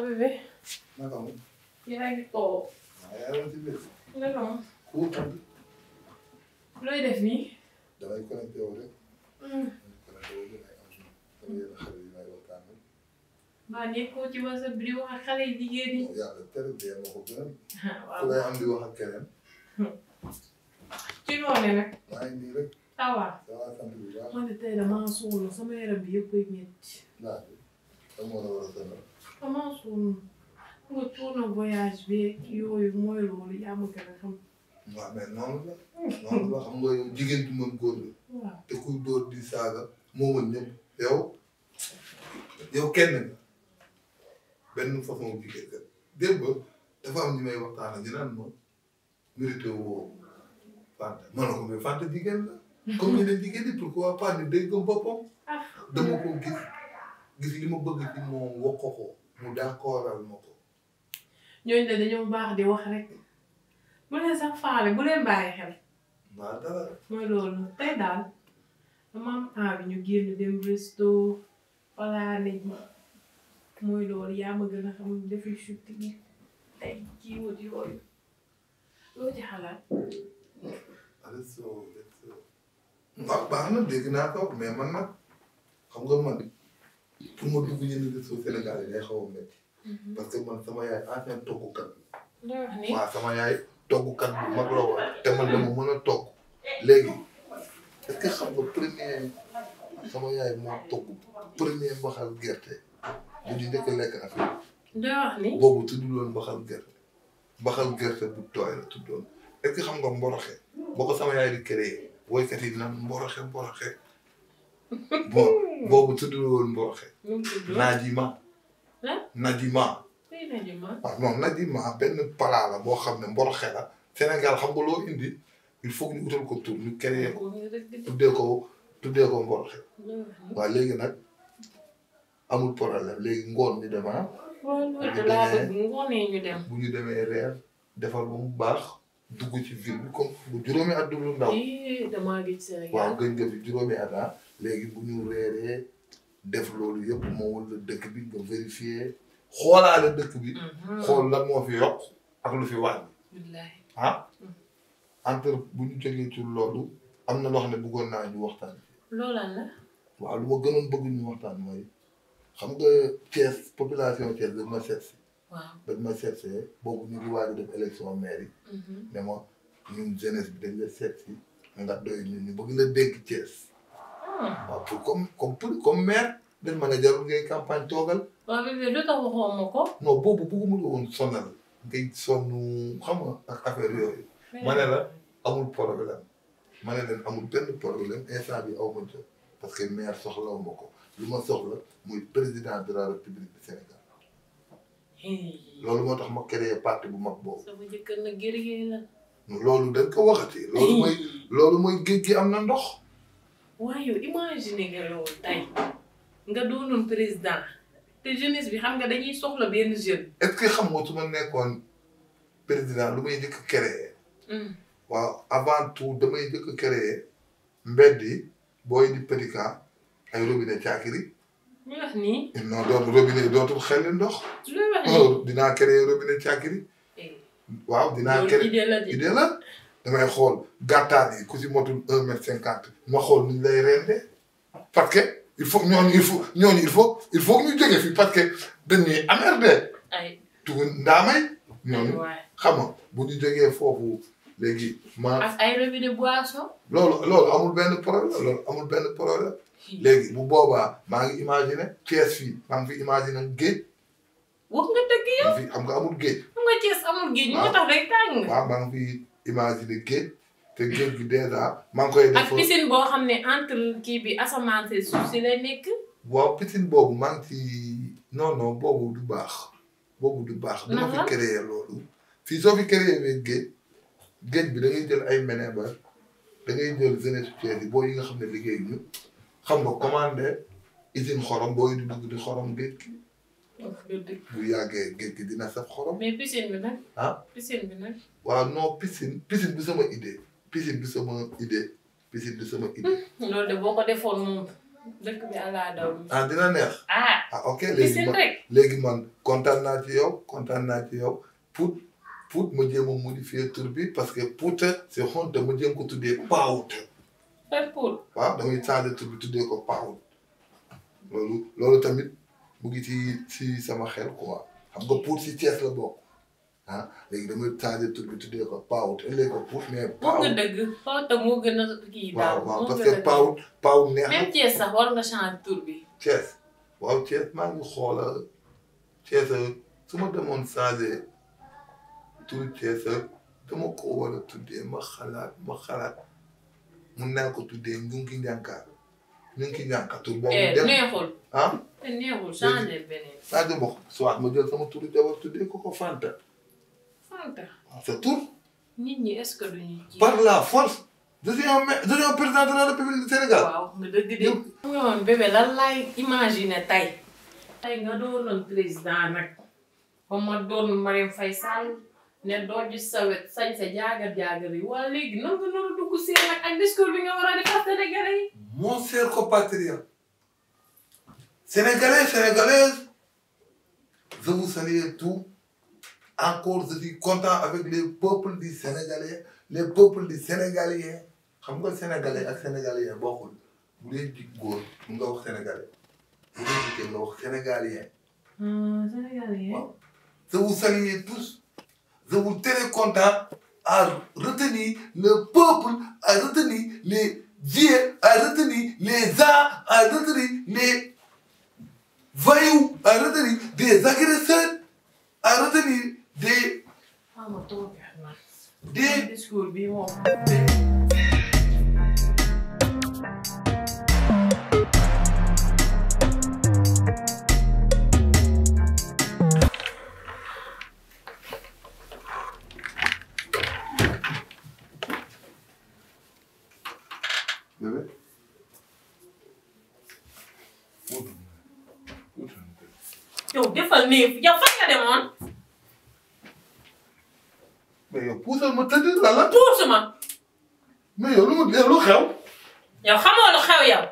va bébé? Snacka om. yaa ko. waaw looy def nii. damay connecté wu rek. connecté wu rek ay am ci whatsapp bi di wax ak xale yi jigéen ñi. yàlla tere bi ma ko gën a. waaw am di wax ak keneen. ci noonu nag. maa ngi nii rek. ah waaw. man de tey damaa suul sama yaram bi yëpp ay métti. naa damaa sonn nga coono voyage bi yooyu mooy loolu yaa ma gën a xam. waaw mais noonu la. noonu la xam nga yow jigéen du mën góor la. te ku dóor di saaga moo mën ñëpp yow yow kenn nga benn façon jigéen la démb dafa am ñu may waxtaan ak ñu naan ma mérité woo Fanta ma ne ko mais Fanta jigéen la. comme ñu ne jigéen ñi pourquoi pas ni day gëm boppam. dama ko gis gis li ma bëgg ci moom wax ko ko mu d'accordal ma ko. ñooñu de dañoo baax di wax rek bu leen sax faale bu leen bàyyi xel. maa dara mooy loolu tey daal dama am envie ñu génn dem resto wala nit ñi mooy loolu yaa ma gën a xam defi chutte yi tey kii wut yooyu loo ci xalaat. resto resto. baax na dégg naa ko mais man nag xam nga man. pour ma dugg yenn réseaux Sénégal yi day xaw a mhm. parce que man sama yaay ancien toggukat. waaw sama yaay toggukat bu mag la woon te man dama mën a togg. léegi est-ce que xam nga premier sama yaay moo togg premier mbaxal gerte bu ñu njëkk a lekk affaire bi. boobu tuddul woon mbaxal gerte. mbaxal gerte bu tooy la tuddoon est-ce que xam nga mboroxe boo sama yaay di créé woykat yi naan mboroxe mboroxe. bon boobu tuddul woon mbooxe. Nadima. Nadima. waaw benn palaa la boo xam ne mboroxe la Sénégal xam nga loo indi il faut ñu utal ko tur ñu ko tuddee mboroxe waaw léegi nag amul problème léegi ngoon ñu dem ah. ñu dem bu ñu demee reer defal ba baax. dugg ci ville bi comme juróomi at dugg ndaw. waaw gëj juróomi at ah. léegi bu ñu reeree def loolu yëpp ma won la dëkk bi nga vérifier xoolaale dëkk bi. Mhm. xool lan moo fi yokk ak lu fi wàññi. wallaahi ah? mhm. entre bu ñu jógee ci loolu am na loo xam ne buggoon naa ñu waxtaan. loolaan la. waaw lu ma gënoon bëgg ñu waxtaan mooy xam nga Thiès population Thiès dañ ma seet dañ ma seet see boobu ñu ngi waaj a def élection maire yi. Mhm. ne ma ñun jeunesse bi dañ la seet si nga doy ñu ñu bëgg la dénk Thiès. Ah. waaw pour comme comme pour comme maire benn mën a jarul ngay campagne toogal. waaw bébé lu tax waxoon ma ko. la woon sonal ngay sonn xam ak affaire yooyu. ma la amul problème. ma ne leen amul benn problème instant bi aw ma parce que maire soxlaw ma ko lu ma soxla muy président de la république du Sénégal. loolu moo tax ma créé parti bu mag boobu. loolu dañ ko waxati. loolu mooy loolu mooy géej gi am na ndox. waaye yow imagine nga loolu tey nga doonoon président te jeunesse bi xam nga dañuy soxla benn jeune. est-ce que xam nga su ma nekkoon président lu may njëkk créer. Hmm. waaw avant damay njëkk créer mbedd yi booy di pédika ay robinet caakiri. ñu wax nii. non dootu robinet ndox. Oh, dinaa créer robinet caakiri. Eh. waaw dinaa créer idée la damay xool gàttaan yi ku si un mètre cinquante ma xool nuñ lay rende parce que il faut ñooñu il faut ñu jóge fii parce que dañuy amerde ay tugu ndaamay ñooñu xam bu ñu jógee foofu léegi ma loolu loolu amul benn problème loolu hmm. léegi bu boobaa maa ngi imaginer Thiès fii maa ngi fi imaginer géej wax nga dëgg yow fii xam nga amul géej xam nga Thiès amul géej ñu maa ngi fi imaginer géej te géej gi dèjà maa ngi koy def ak piscine boo xam ne entre kii bi asamaan si suuf si lay nekk. waaw piscine boobu maa ngi non non boobu du baax boobu du baax. dama fi créé loolu. fii soo fi créé géej géej bi da ngay jël ay ménébar da ngay jël jeunesse pièce yi boo yi nga xam ne liggéey xam nga commandé usine xorom di dugg géej gi. bu yàggee géej gi dina saf xorom. mais piscine bi nag. ah piscine bi nag. waaw non piscine piscine bi sama idée piscine bi sama idée bi sama idée. Hmm, loolu de boo ko defoon moom dëkk bi àllaa daw. ah dina neex. ah, ah ok léegi man léegi man naa ci yow kontaan naa ci yow pour. Pout mu jéem a modifier tur parce que Pout c'est honte mu jéem ko tuddee Paout. Pout. waaw damay changé ko Paout loolu loolu tamit. mu ngi ci ci sama xel quoi xam nga Pout si Thiès la bokk ah léegi dama changé tur bi tuddee ko Paut ëllëg ko Pout mais. Paut moo gën dëgg Paut tam gën a kii daaw waaw parce que Paut Paut neex na même Thiès sax waaw Thiès maa ngi xoola Thiès su ma demoon changé tur Thiès ko war tuddee ma xalaat ma xalaat mun naa ko tuddee Ngungi Njankaar. ñu ngi ciy ñàkk tur boobu. Eh, dem neexul ah. Eh, neexul changé beneen. changé ma ko soit ma jël sama turu jabar tuddee ko ko Fanta. Fanta ah, sa tur. nit ñi est-ce que duñu ji. par la force. dañoo me dañoo président de la république du nga dëgg lan laay imaginer tey. tey nga doonoon président nag. ma doon Marième ne doo gis sa wet sañ sa jaagar jaagar yi wala léegi nan nga nar a dugg seen ak ak discours bi nga war a def ak sénégalais yi. mon cher compatriote sénégalais sénégalaise encore je suis content avec les peuples du sénégalais les peuples du sénégalais xam nga sénégalais ak sénégalais bokul bu dee ji nga wax sénégalais bu dee jigéen wax sénégalais. Ah, sénégalais. waaw je je vous télécontent à retenir le peuple, à retenir les vieux, à retenir les arts, à retenir les voyous, à retenir des agresseurs, de retenir des... Ah, des... des... yow defal nii yow fan nga demoon. mais yow puusal ma tëdd la la. puusu ma. mais yow lu mu xew. yow xamoo lu xew yow.